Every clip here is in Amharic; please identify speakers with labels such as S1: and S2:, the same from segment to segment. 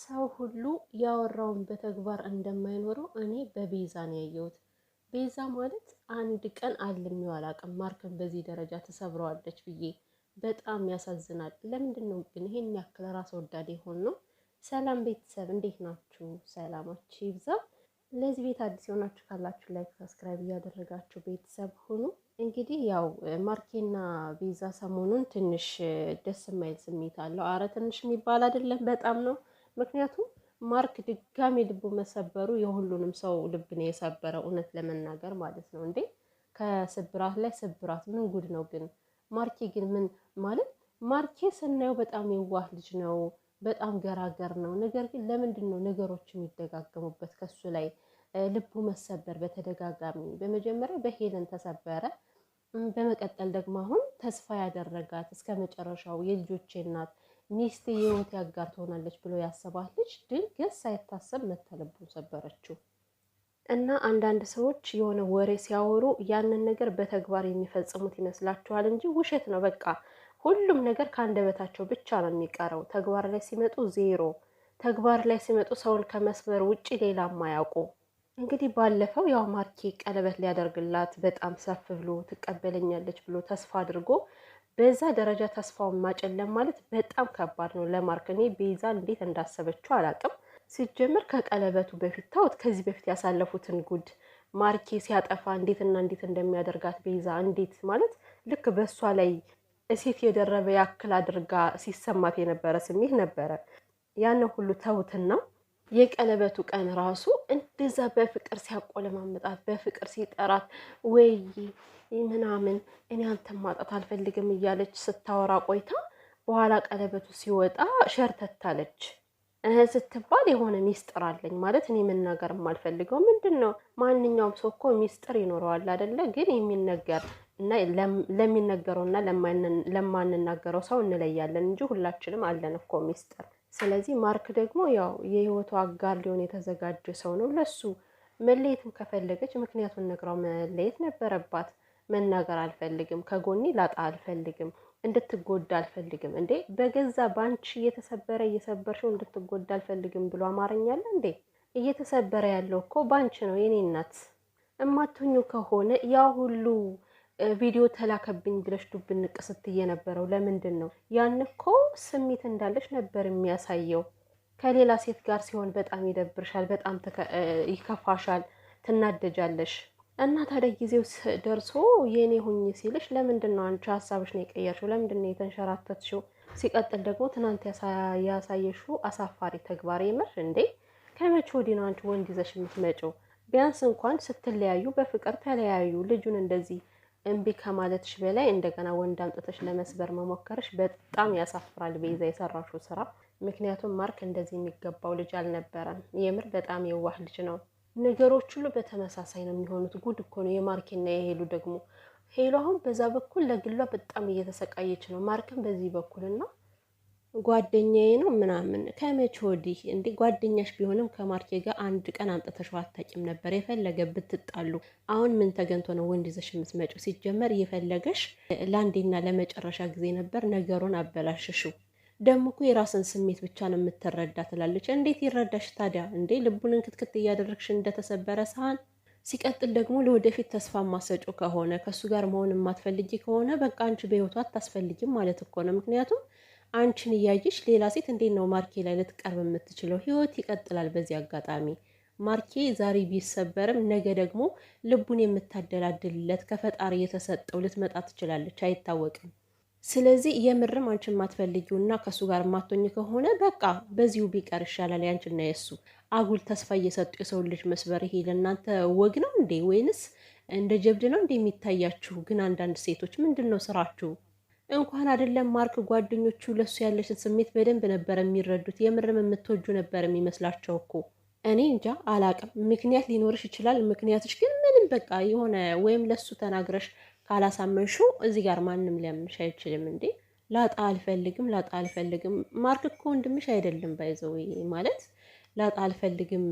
S1: ሰው ሁሉ ያወራውን በተግባር እንደማይኖረው እኔ በቤዛ ነው ያየሁት። ቤዛ ማለት አንድ ቀን አልሜው አላውቅም ማርክን በዚህ ደረጃ ትሰብረዋለች ብዬ በጣም ያሳዝናል። ለምንድን ነው ግን ይሄን ያክል ራስ ወዳድ የሆን ነው? ሰላም ቤተሰብ እንዴት ናችሁ? ሰላማችሁ ይብዛ። ለዚህ ቤት አዲስ የሆናችሁ ካላችሁ ላይክ፣ ሰብስክራይብ እያደረጋችሁ ቤተሰብ ሁኑ። እንግዲህ ያው ማርኬና ቤዛ ሰሞኑን ትንሽ ደስ የማይል ስሜት አለው። አረ ትንሽ የሚባል አይደለም፣ በጣም ነው ምክንያቱም ማርክ ድጋሚ ልቡ መሰበሩ የሁሉንም ሰው ልብ ነው የሰበረው፣ እውነት ለመናገር ማለት ነው። እንዴ ከስብራት ላይ ስብራት ምን ጉድ ነው ግን! ማርኬ ግን ምን ማለት ማርኬ ስናየው በጣም የዋህ ልጅ ነው፣ በጣም ገራገር ነው። ነገር ግን ለምንድን ነው ነገሮች የሚደጋገሙበት ከሱ ላይ ልቡ መሰበር በተደጋጋሚ? በመጀመሪያ በሄለን ተሰበረ። በመቀጠል ደግሞ አሁን ተስፋ ያደረጋት እስከ መጨረሻው የልጆቼ እናት ሚስት የህይወት ያጋር ትሆናለች ብሎ ያሰባት ልጅ ድንገት ሳይታሰብ መተለቡን ሰበረችው እና አንዳንድ ሰዎች የሆነ ወሬ ሲያወሩ ያንን ነገር በተግባር የሚፈጽሙት ይመስላችኋል እንጂ ውሸት ነው። በቃ ሁሉም ነገር ከአንደበታቸው ብቻ ነው የሚቀረው። ተግባር ላይ ሲመጡ ዜሮ፣ ተግባር ላይ ሲመጡ ሰውን ከመስበር ውጭ ሌላ ማያውቁ። እንግዲህ ባለፈው ያው ማርኬ ቀለበት ሊያደርግላት በጣም ሰፍ ብሎ ትቀበለኛለች ብሎ ተስፋ አድርጎ በዛ ደረጃ ተስፋውን ማጨለም ማለት በጣም ከባድ ነው ለማርክ። እኔ ቤዛ እንዴት እንዳሰበችው አላቅም። ሲጀምር ከቀለበቱ በፊት ታውት ከዚህ በፊት ያሳለፉትን ጉድ ማርኬ ሲያጠፋ እንዴትና እንዴት እንደሚያደርጋት ቤዛ እንዴት ማለት ልክ በእሷ ላይ እሴት የደረበ ያክል አድርጋ ሲሰማት የነበረ ስሜት ነበረ። ያንን ሁሉ ተውትና የቀለበቱ ቀን ራሱ እንደዛ በፍቅር ሲያቆለማምጣት በፍቅር ሲጠራት ወይ ምናምን እኔ አንተ ማጣት አልፈልግም እያለች ስታወራ ቆይታ በኋላ ቀለበቱ ሲወጣ ሸርተታለች ስትባል የሆነ ሚስጥር አለኝ ማለት እኔ መናገር የማልፈልገው ምንድን ነው? ማንኛውም ሰው እኮ ሚስጥር ይኖረዋል አይደለ? ግን የሚነገር እና ለሚነገረው እና ለማንናገረው ሰው እንለያለን እንጂ ሁላችንም አለን እኮ ሚስጥር። ስለዚህ ማርክ ደግሞ ያው የህይወቱ አጋር ሊሆን የተዘጋጀ ሰው ነው። ለሱ መለየትም ከፈለገች ምክንያቱን ነግራው መለየት ነበረባት። መናገር አልፈልግም፣ ከጎኔ ላጣ አልፈልግም፣ እንድትጎዳ አልፈልግም። እንዴ በገዛ ባንቺ እየተሰበረ እየሰበርሽው እንድትጎዳ አልፈልግም ብሎ አማርኛ አለ እንዴ? እየተሰበረ ያለው እኮ ባንቺ ነው የኔ እናት። እማትኙ ከሆነ ያው ሁሉ ቪዲዮ ተላከብኝ ብለሽ ዱብ ንቅ የነበረው ለምንድን ነው? ያን እኮ ስሜት እንዳለሽ ነበር የሚያሳየው። ከሌላ ሴት ጋር ሲሆን በጣም ይደብርሻል፣ በጣም ይከፋሻል፣ ትናደጃለሽ። እና ታዲያ ጊዜው ደርሶ የእኔ ሁኝ ሲልሽ ለምንድን ነው አንቺ ሀሳብሽ ነው የቀየርሽው? ለምንድን ነው የተንሸራተትሽው? ሲቀጥል ደግሞ ትናንት ያሳየሽው አሳፋሪ ተግባር የምር እንዴ! ከመቼ ወዲህ ነው አንቺ ወንድ ይዘሽ የምትመጪው? ቢያንስ እንኳን ስትለያዩ በፍቅር ተለያዩ። ልጁን እንደዚህ እምቢ ከማለትሽ በላይ እንደገና ወንድ አምጥተሽ ለመስበር መሞከርሽ በጣም ያሳፍራል፣ ቤዛ የሰራሽው ስራ። ምክንያቱም ማርክ እንደዚህ የሚገባው ልጅ አልነበረም። የምር በጣም የዋህ ልጅ ነው። ነገሮች ሁሉ በተመሳሳይ ነው የሚሆኑት። ጉድ እኮ ነው የማርኬና የሄሉ ደግሞ። ሄሎ አሁን በዛ በኩል ለግሏ በጣም እየተሰቃየች ነው፣ ማርክም በዚህ በኩል በኩልና ጓደኛዬ ነው ምናምን ከመቼ ወዲህ እንዴ? ጓደኛሽ ቢሆንም ከማርኬ ጋር አንድ ቀን አምጥተሽው አታውቂም ነበር። የፈለገ ብትጣሉ አሁን ምን ተገንቶ ነው ወንድ ይዘሽ የምትመጪው? ሲጀመር የፈለገሽ ለአንዴና ለመጨረሻ ጊዜ ነበር። ነገሩን አበላሽሽው። ደግሞ እኮ የራስን ስሜት ብቻ ነው የምትረዳ ትላለች። እንዴት ይረዳሽ ታዲያ? እንዴ ልቡን እንክትክት እያደረግሽ እንደተሰበረ ሳህን ሲቀጥል ደግሞ ለወደፊት ተስፋ ማሰጩ ከሆነ ከእሱ ጋር መሆን የማትፈልጊ ከሆነ በቃ አንቺ በህይወቱ አታስፈልጊም ማለት እኮ ነው ምክንያቱም አንቺን እያየሽ ሌላ ሴት እንዴት ነው ማርኬ ላይ ልትቀርብ የምትችለው? ህይወት ይቀጥላል። በዚህ አጋጣሚ ማርኬ ዛሬ ቢሰበርም ነገ ደግሞ ልቡን የምታደላድልለት ከፈጣሪ የተሰጠው ልትመጣ ትችላለች፣ አይታወቅም። ስለዚህ የምርም አንቺን የማትፈልጊው እና ከእሱ ጋር የማትሆኝ ከሆነ በቃ በዚሁ ቢቀር ይሻላል። ያንቺና የእሱ አጉል ተስፋ እየሰጡ የሰው ልጅ መስበር ይሄ ለእናንተ ወግ ነው እንዴ? ወይንስ እንደ ጀብድ ነው እንዴ የሚታያችሁ? ግን አንዳንድ ሴቶች ምንድን ነው ስራችሁ? እንኳን አይደለም ማርክ ጓደኞቹ ለሱ ያለሽን ስሜት በደንብ ነበር የሚረዱት። የምርም የምትወጁ ነበር የሚመስላቸው እኮ። እኔ እንጃ አላቅም። ምክንያት ሊኖርሽ ይችላል። ምክንያቶች ግን ምንም በቃ የሆነ ወይም ለሱ ተናግረሽ ካላሳመንሹ እዚህ ጋር ማንም ሊያምንሽ አይችልም። እንዴ ላጣ አልፈልግም፣ ላጣ አልፈልግም። ማርክ እኮ ወንድምሽ አይደለም። ባይዘው ማለት ላጣ አልፈልግም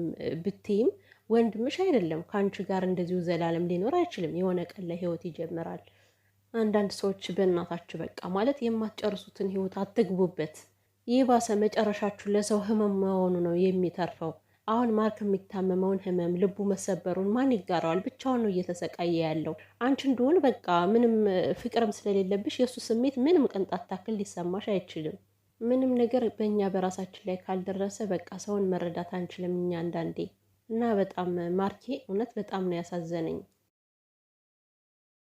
S1: ብትይም ወንድምሽ አይደለም። ከአንቺ ጋር እንደዚሁ ዘላለም ሊኖር አይችልም። የሆነ ቀን ህይወት ይጀምራል። አንዳንድ ሰዎች በእናታችሁ በቃ ማለት የማትጨርሱትን ህይወት አትግቡበት። የባሰ መጨረሻችሁ ለሰው ህመም መሆኑ ነው የሚተርፈው። አሁን ማርክ የሚታመመውን ህመም ልቡ መሰበሩን ማን ይጋራዋል? ብቻውን ነው እየተሰቃየ ያለው። አንቺ እንደሆን በቃ ምንም ፍቅርም ስለሌለብሽ የእሱ ስሜት ምንም ቅንጣት ታክል ሊሰማሽ አይችልም። ምንም ነገር በእኛ በራሳችን ላይ ካልደረሰ በቃ ሰውን መረዳት አንችልም እኛ አንዳንዴ እና በጣም ማርኬ እውነት በጣም ነው ያሳዘነኝ።